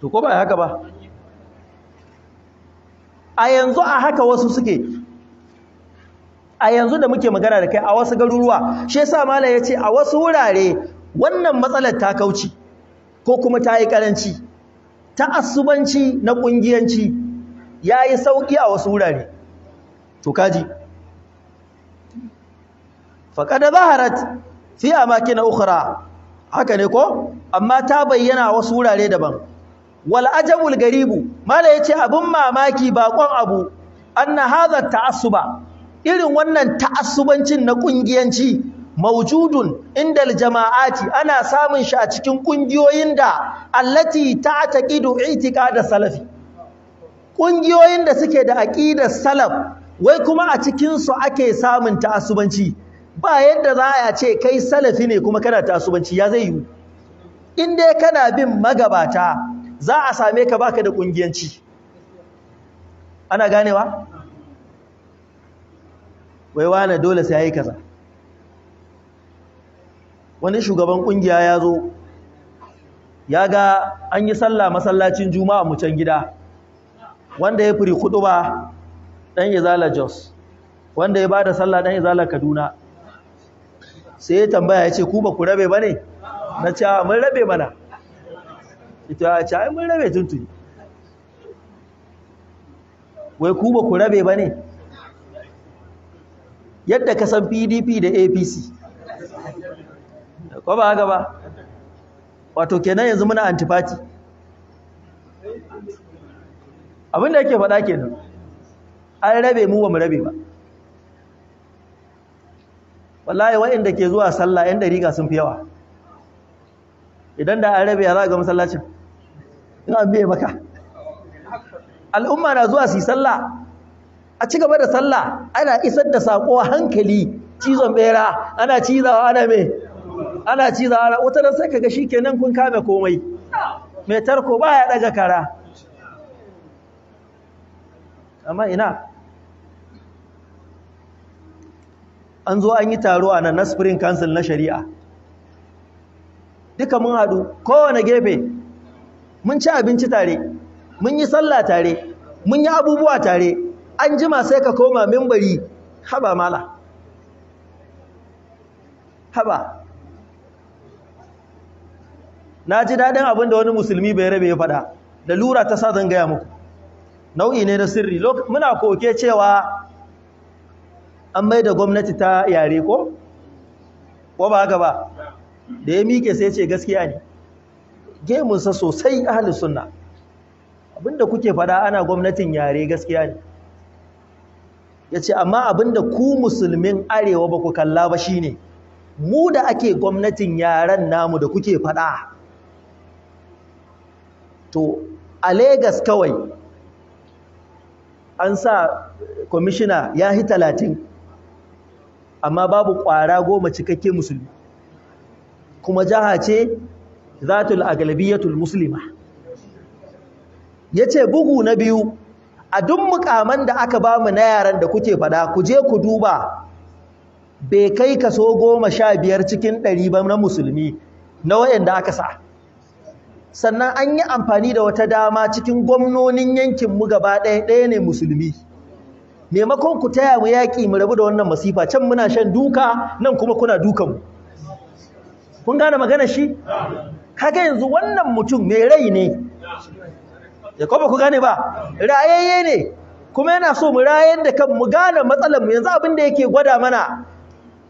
to ko ba haka ba a yanzu a haka wasu suke a yanzu da muke magana da kai a wasu garuruwa shi yasa malam yace a wasu wurare wannan matsalar ta kauci ko kuma ta yi karanci asubanci na kungiyanci yayi sauki a wasu wurare to kaji faqad zaharat fi amakin ukhra haka ne ko amma ta bayyana a wasu wurare daban wal ajabul garibu ya yace abun mamaki baƙon abu anna hadha ta'assuba irin wannan ta'assubancin na kungiyanci maujudun indal jama'ati ana samun shi a cikin ƙungiyoyin da allati ta'taqidu i'tiqada salafi kungiyoyin da suke da aqidar salaf wai kuma a cikin su ake samun ta'assubanci ba yadda za a ce kai salafi ne kuma kana ta'assubanci ya zai yi in dai kana bin magabata za a same ka baka da ƙungiyanci. ana ganewa wai wane dole sai yi kaza wani shugaban kungiya ya zo ya ga an yi sallah masallacin juma'a mu can gida wanda ya firi ba dan izala jos wanda ya bada sallah dan izala kaduna sai ya tambaya ya ce ku ba ku rabe ba ne na ce mun rabe mana ita ya ce mun rabe tuntuni wai ku ba ku rabe ba ne yadda ka san pdp da apc ko ba haka ba wato kenan yanzu muna Abin abinda yake faɗa kenan an rabe mu ba mu rabe ba wallahi waɗanda ke zuwa sallah yan dariƙa sun fi yawa idan da an rabe ya za ga masallacin in an biye maka al'umma na zuwa su yi sallah a ci gaba da sallah ana isar da sako hankali cizon bera ana cizawa ana me ana cizawa ana wata da sai kaga shikenan kun kame komai mai tarko baya daga kara amma ina an zo an yi taro a na spring council na shari'a duka mun haɗu kowane gefe mun ci abinci tare mun yi sallah tare mun yi abubuwa tare an jima sai ka koma mimbari haba mala haba na ji daɗin abinda wani musulmi bai rabe ya faɗa da lura ta sa zan gaya muku nau'i ne na sirri muna koke cewa an mai da gwamnati ta yare ko? ko ba haka ba da ya mike sai ce gaskiya ne gemunsa sosai ahalus sunna abinda kuke fada ana gwamnatin yare gaskiya ne ya ce amma da ku musulmin arewa ba ku kalla ba shine mu da ake gwamnatin yaren namu da kuke faɗa to a Legas kawai an sa kwamishina ya yi talatin amma babu ƙwara goma cikakke musulmi kuma jaha ce zatul agalabiyatul muslima ya ce bugu na biyu a duk mukaman da aka ba mu na yaran da kuke faɗa ku je ku duba bai kai kaso goma sha biyar cikin ɗari ba na musulmi na wayanda aka sa sannan an yi amfani da wata dama cikin gwamnonin yankinmu gaba ɗaya ɗaya ne musulmi maimakon ku taya mu yaƙi mu rabu da wannan masifa can muna shan duka nan kuma kuna dukanmu kun gane magana shi kaga yanzu wannan mutum mai rai ne ko ku gane ba rayayye ne kuma yana so mu rayar da kan mu gane matsalar mu yanzu abin da yake gwada mana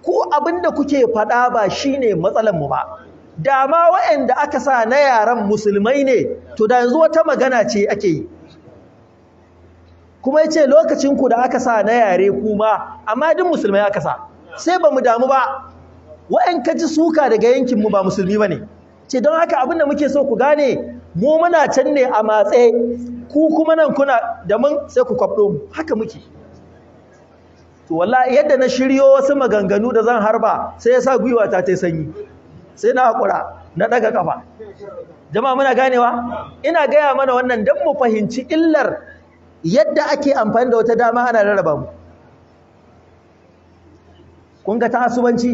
ku abin da kuke fada ba shine matsalar mu ba dama waɗanda aka sa na yaran musulmai ne to da yanzu wata magana ce ake yi kuma yace lokacin ku da aka sa na yare kuma amma duk musulmai aka sa sai ba mu damu ba wa'an ka ji suka daga yankin mu ba musulmi bane ce don haka abin da muke so ku gane mu muna can ne a matse ku kuma nan kuna da mun sai ku kwabdo mu haka muke to wallahi yadda na shiryo wasu maganganu da zan harba sai ya sa gwiwa ta ta sanyi sai na hakura na daga kafa jama'a muna ganewa ina gaya mana wannan dan mu fahimci illar yadda ake amfani da wata dama ana rarraba mu kun ga ta'assubanci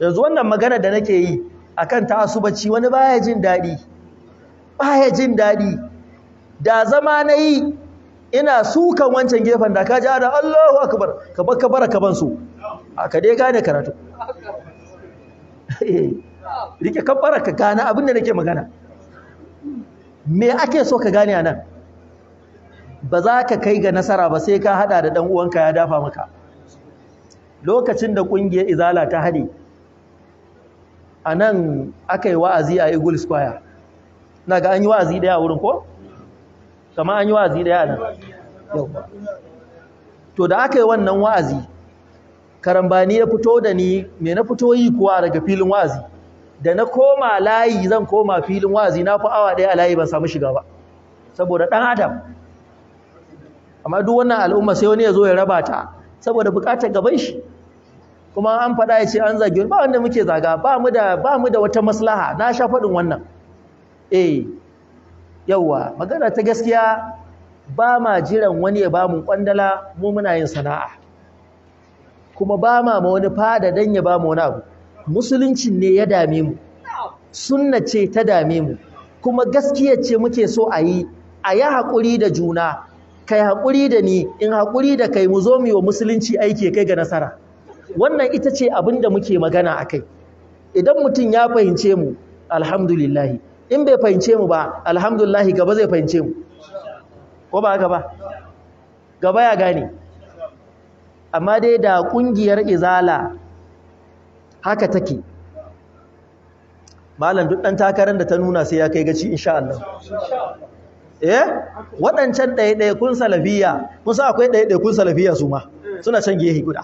yanzu wannan magana da nake yi akan ta'assubanci wani baya jin daɗi baya jin daɗi da zama na yi ina sukan wancan gefen da ka ji ana Allahu akabar ka bar ka bara ka ban su ka dai gane karatu rike ka bara ka gane abin da nake magana me ake so ka gane nan ba za ka kai ga nasara ba sai ka hada da ɗan uwanka ya dafa maka lokacin da ƙungiyar izala ta hade nan aka yi wa'azi a Eagle Square na ga an yi wa'azi daya a wurin ko? kama an yi wa'azi daya a nan yau to da aka yi wannan wa'azi karambani ya fito da ni mai na fito yi kuwa daga filin wa'azi da na koma layi zan koma filin wa'azi na fi awa daya a layi ban samu shiga ba saboda ɗan adam amma duk wannan al'umma sai wani ya zo ya raba ta saboda buƙatar gaban shi kuma an faɗa ya ce an zage ba wanda muke zaga ba mu da wata maslaha na sha faɗin wannan eh yawa magana ta gaskiya ba ma jiran wani ya ba mu kwandala mu muna yin sana'a kuma ba ma ma wani fada dan ya ba mu wani abu musulunci ne ya dame mu sunna ce ta dame mu kuma gaskiya ce muke so a yi a yi haƙuri da juna kai haƙuri da ni in haƙuri da kai mu zo mu yi wa musulunci aiki kai ga nasara wannan ita ce abin da muke magana a kai idan mutum ya fahimce mu alhamdulillahi in bai fahimce mu ba alhamdulillahi gaba zai fahimce mu ko ba gaba ba gaba ya gane amma dai da kungiyar izala haka take malam duk dan takarar da ta nuna sai ya kai gaci insha Allah eh waɗancan ɗaiɗai kun salafiya kun sa akwai ɗaiɗai kun salafiya su ma suna can gehe guda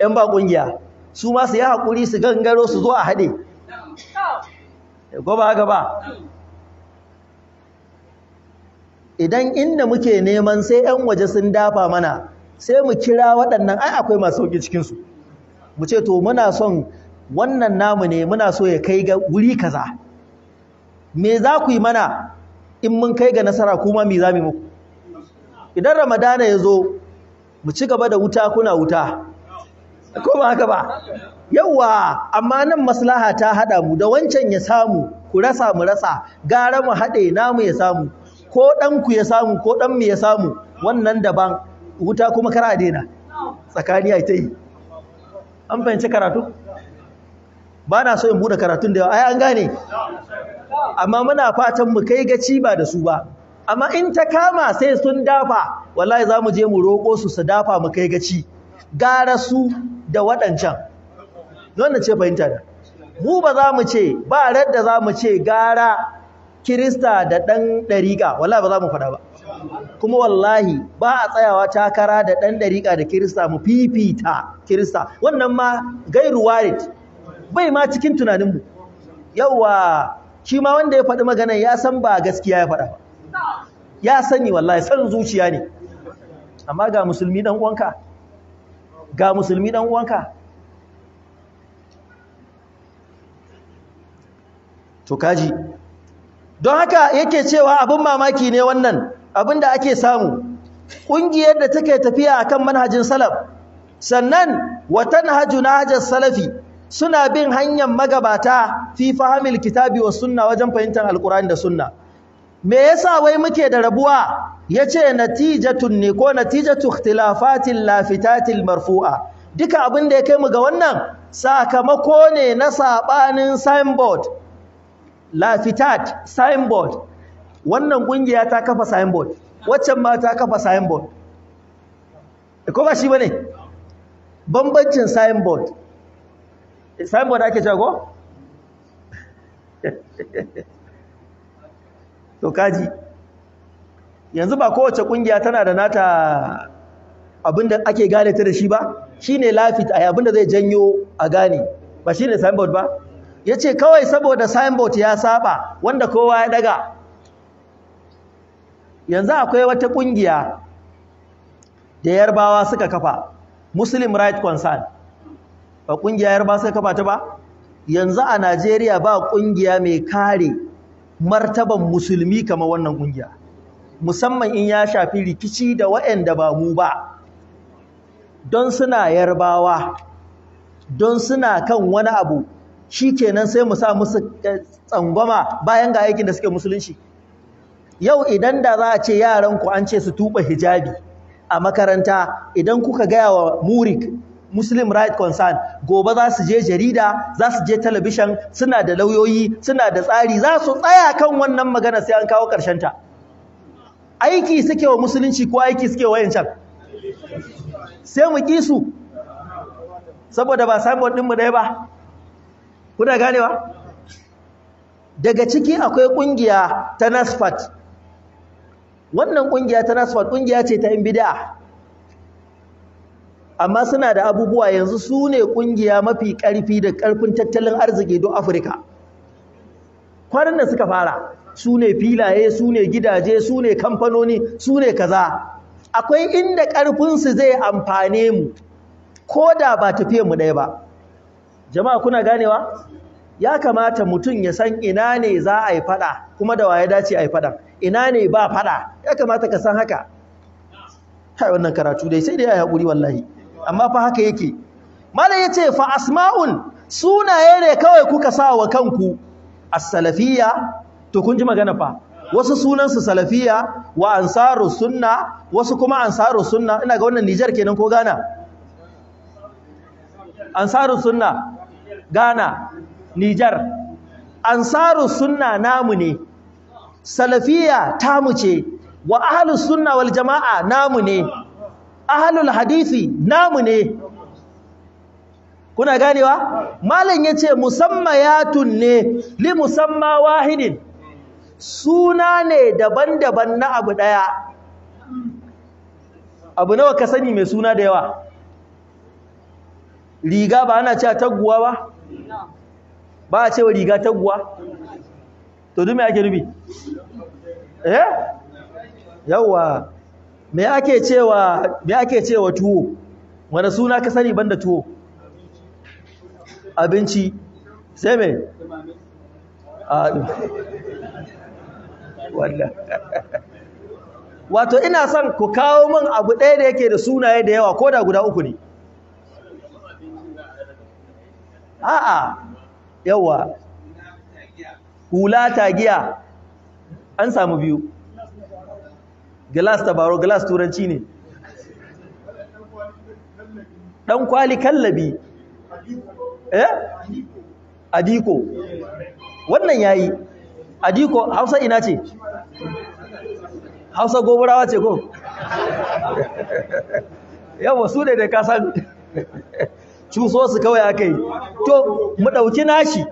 ƴan ba kungiya su ma su yi haƙuri su gangaro su zo a haɗe ko ba haka ba idan inda muke neman sai 'yan waje sun dafa mana sai mu kira waɗannan ai akwai masu sauƙi cikinsu mu ce to muna son wannan namu ne muna so ya kai ga wuri kaza me za ku yi mana in mun kai ga nasara kuma me za mu muku idan ramadana ya zo mu ci gaba da wuta kuna wuta ko ba haka ba yauwa amma nan maslaha ta haɗa mu da wancan ya samu ku rasa mu rasa gara mu haɗe namu ya samu ko ɗanku ya samu ko ɗanmu ya samu wannan daban wuta kuma kar a daina tsakani a ta yi an fahimci karatu ba na so in buɗe karatu da ai an gane amma muna fatan mu kai gaci ba da su ba amma in ta kama sai sun dafa wallahi za mu je mu roƙo su su dafa mu kai gaci gara su da waɗancan Na ce fahimta da mu ba za mu ce ba radda za mu ce gara kirista da ɗan ɗariƙa wallahi ba za mu faɗa ba kuma wallahi ba a tsayawa takara da ɗan ɗariƙa da kirista mu fifita kirista wannan ma gairu warit bai ma cikin tunaninmu yauwa shi ma wanda ya faɗi maganar ya san ba gaskiya ya faɗa ya sani wallahi san zuciya ne amma ga musulmi dan uwanka ga musulmi ɗan uwanka to kaji don haka yake cewa abin mamaki ne wannan abin da ake samu ƙungiyar da take tafiya akan manhajin salaf sannan watan haju nahajar salafi suna bin hanyar magabata fi fahimil kitabi wa sunna wajen fahimtar alkur'ani da sunna me yasa wai muke da rabuwa yace natijatun ne ko natijatu ikhtilafatil lafitatil marfu'a duka abin da ya kai mu ga wannan sakamako ne na sabanin signboard lafitat signboard wannan kungiya ta kafa signboard waccan ma ta kafa signboard eh, ko ba shi bane bambancin signboard eh, signboard ake cewa ko to kaji yanzu ba kowace kungiya tana da nata abinda ake gane ta da shi ba shine lafit ai abinda zai janyo a gane ba shine signboard ba ya ce kawai saboda signboard ya saba wanda kowa ya daga yanzu akwai wata ƙungiya da yarbawa suka kafa muslim right concern ba ƙungiya yarbawa suka kafa ta ba yanzu a najeriya ba ƙungiya mai kare martaban musulmi kama wannan ƙungiya musamman in ya shafi rikici da waɗanda ba mu ba don suna yarbawa don suna kan wani abu shi kenan sai mu sa musu eh, tsangwama bayan ga aikin da suke musulunci yau idan da za a ce yaranku an ce su tuba hijabi a makaranta idan kuka gaya wa murik Muslim Right Concern gobe za su je jarida za su je talabishin suna da lauyoyi suna da tsari za su tsaya kan wannan magana sai an kawo ƙarshen ta aiki suke wa musulunci ko aiki suke wa yancan sai mu kisu saboda ba samun ɗinmu ɗaya ba kuna gane ganewa daga ciki akwai kungiya ta nasfat wannan kungiya ta nasfat kungiya ce ta yan bid'a amma suna da abubuwa yanzu su ne kungiya mafi karfi da karfin tattalin arziki don afirka kwanan da suka fara su ne filaye su ne gidaje su ne kamfanoni su ne kaza akwai inda ƙarfinsu zai amfane mu ko da ba tafiyar mu ɗaya ba jama'a kuna ganewa ya kamata mutum ya san ina ne za a yi fada kuma da waye dace a yi fada ina ne ba fada ya kamata ka san haka kai wannan karatu dai sai dai ya hakuri wallahi amma fa haka yake malam yace fa asma'un sunaye ne kawai kuka sa wa kanku as-salafiyya to kun ji magana fa wasu sunan su salafiya wa ansaru sunna wasu kuma ansaru sunna ina ga wannan Niger kenan ko gana? ansaru sunna Ghana nijar ansaru sunna namu ne salafiya tamu ce wa ahlus sunna wal jamaa namu ne ahlul hadisi namu ne kuna ganewa malam musamman ya ne li musamman wahidin suna ne daban-daban na abu ɗaya. abu nawa ka sani mai suna da yawa riga ba ana cewa taguwa ba ba a cewa riga taguwa to duk me ake nufi eh yawa me ake cewa me ake cewa tuwo wani suna ka sani banda tuwo abinci sai me wato ina son ku kawo min abu ɗaya da yake da sunaye da yawa ko da guda uku ne a'a yawa hula tagiya an samu biyu glass tabaro glass turanci ne dan kwali kallabi eh adiko wannan yayi adiko hausa ina ce hausa goburawa ce ko yawa su ne da san cuso su kawai aka yi to mu ɗauki nashi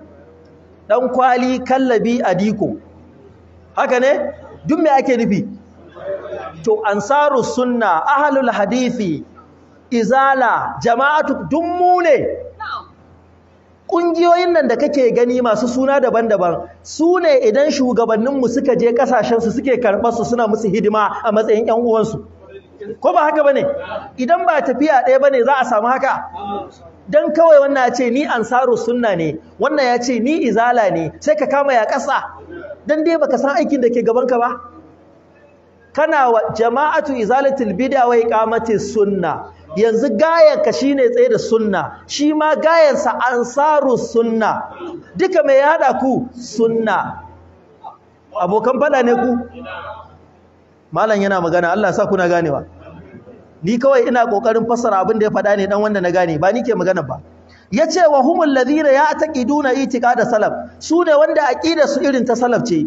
ɗan kwali kallabi adiko. haka ne duk me ake nufi to ansaru sunna ahlul hadisi izala jama'atu duk mu ƙungiyoyin nan da kake gani masu suna daban-daban su ne idan shugabanninmu suka je ƙasashensu suke karɓarsu suna musu hidima a matsayin 'yan uwansu ko ba haka ba ne idan ba tafiya ɗaya ba za a samu haka dan kawai wannan ya ce ni ansaru sunna ne wannan ya ce ni izala ne sai ka kama ya ƙasa dan dai baka san aikin da ke gaban ka ba kana wa jama'atu izalatul bid'a wa iqamati sunna yanzu ka shine tsaye da sunna shi ma gayansa ansaru sunna duka mai hada ku sunna abokan fada ne ku malam yana magana Allah ya sa kuna ganewa ni kawai ina kokarin fassara abin da ya faɗa ne dan wanda na gane ba ni ke magana ba yace wa humul ladhina ya'taqiduna itiqada salaf su ne wanda aqida su irin ta salaf ce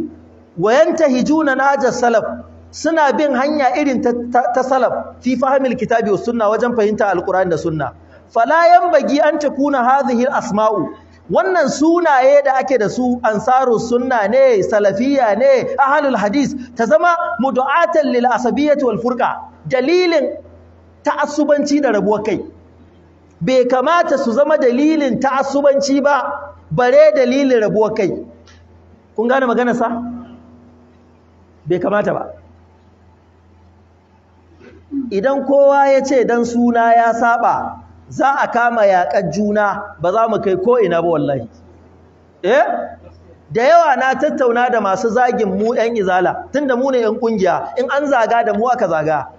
wayantahijuna naja salaf suna bin hanya irin ta, salaf fi fahimil kitabi was sunna wajen fahimta alqur'ani da sunna fala bagi an takuna hadhihi asma'u wannan sunaye da ake da su ansaru sunna ne salafiya ne ahlul hadis ta zama mudu'atan lil asabiyyati wal furqa dalilin ta'assubanci da rabuwar kai bai kamata su zama dalilin ta'assubanci ba bare dalilin rabuwar kai kun gane magana sa bai kamata ba idan kowa ya ce dan suna ya saba za a kama yaƙar juna ba za mu kai ko ina ba wallahi eh da yawa na tattauna da masu zagin mu 'yan izala tunda mu ne 'yan ƙungiya in an zaga da mu aka zaga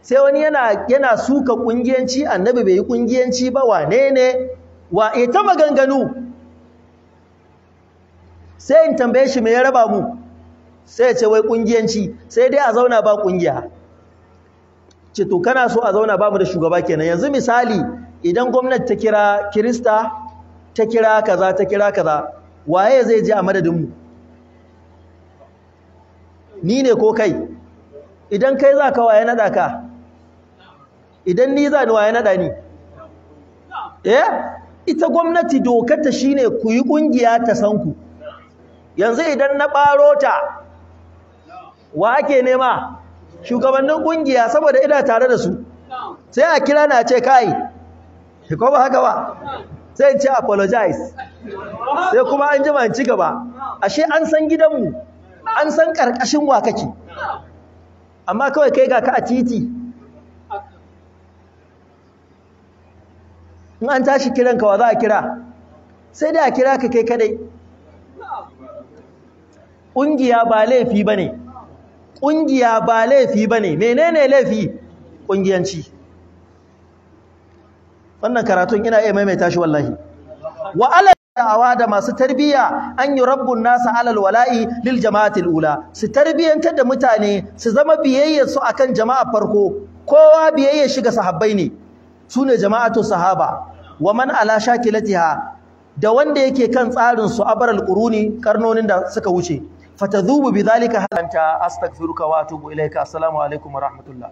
sai wani yana yana suka ƙungiyanci annabi bai yi kungiyanci ba wa ne wa ita eh, maganganu sai in tambaye shi me ya raba mu sai ya ce wai kungiyanci sai dai a zauna ba kungiya ce to kana so a zauna ba mu da shugaba kenan yanzu misali idan gwamnati ta kira kirista ta kira kaza ta kira kaza waye zai je a madadin mu ni ne ko kai idan kai za ka waye na daka. idan ni za ni waye naɗa ni eh ita gwamnati ta shine ku yi kungiya ta sanku. yanzu idan na ɓarota wa ake nema shugabannin ƙungiya saboda ina tare da su sai a kira na ce kai ko ba haka ba sai ce apologize sai kuma an ji in ci gaba ashe an san gidanmu an san karkashin wa kake amma kawai kai ga ka a titi in an tashi kiran ka wa za a kira sai da a kira ka kai kadai ƙungiya ba laifi ba ne ƙungiya ba laifi ba ne menene laifi ƙungiyanci wannan karatun ina iya maimaita shi wallahi wa ala da'awa da masu tarbiyya an yi rabbun nasa alal wala'i lil jama'atil ula su tarbiyantar da mutane su zama biyayyar su akan jama'a farko kowa biyayyar shiga sahabbai ne sune jama'atu sahaba wa man ala shakilatiha da wanda yake kan tsarin su abaral quruni karnonin da suka wuce fatadhubu bidhalika halanta astaghfiruka wa atubu ilaika assalamu alaikum wa rahmatullah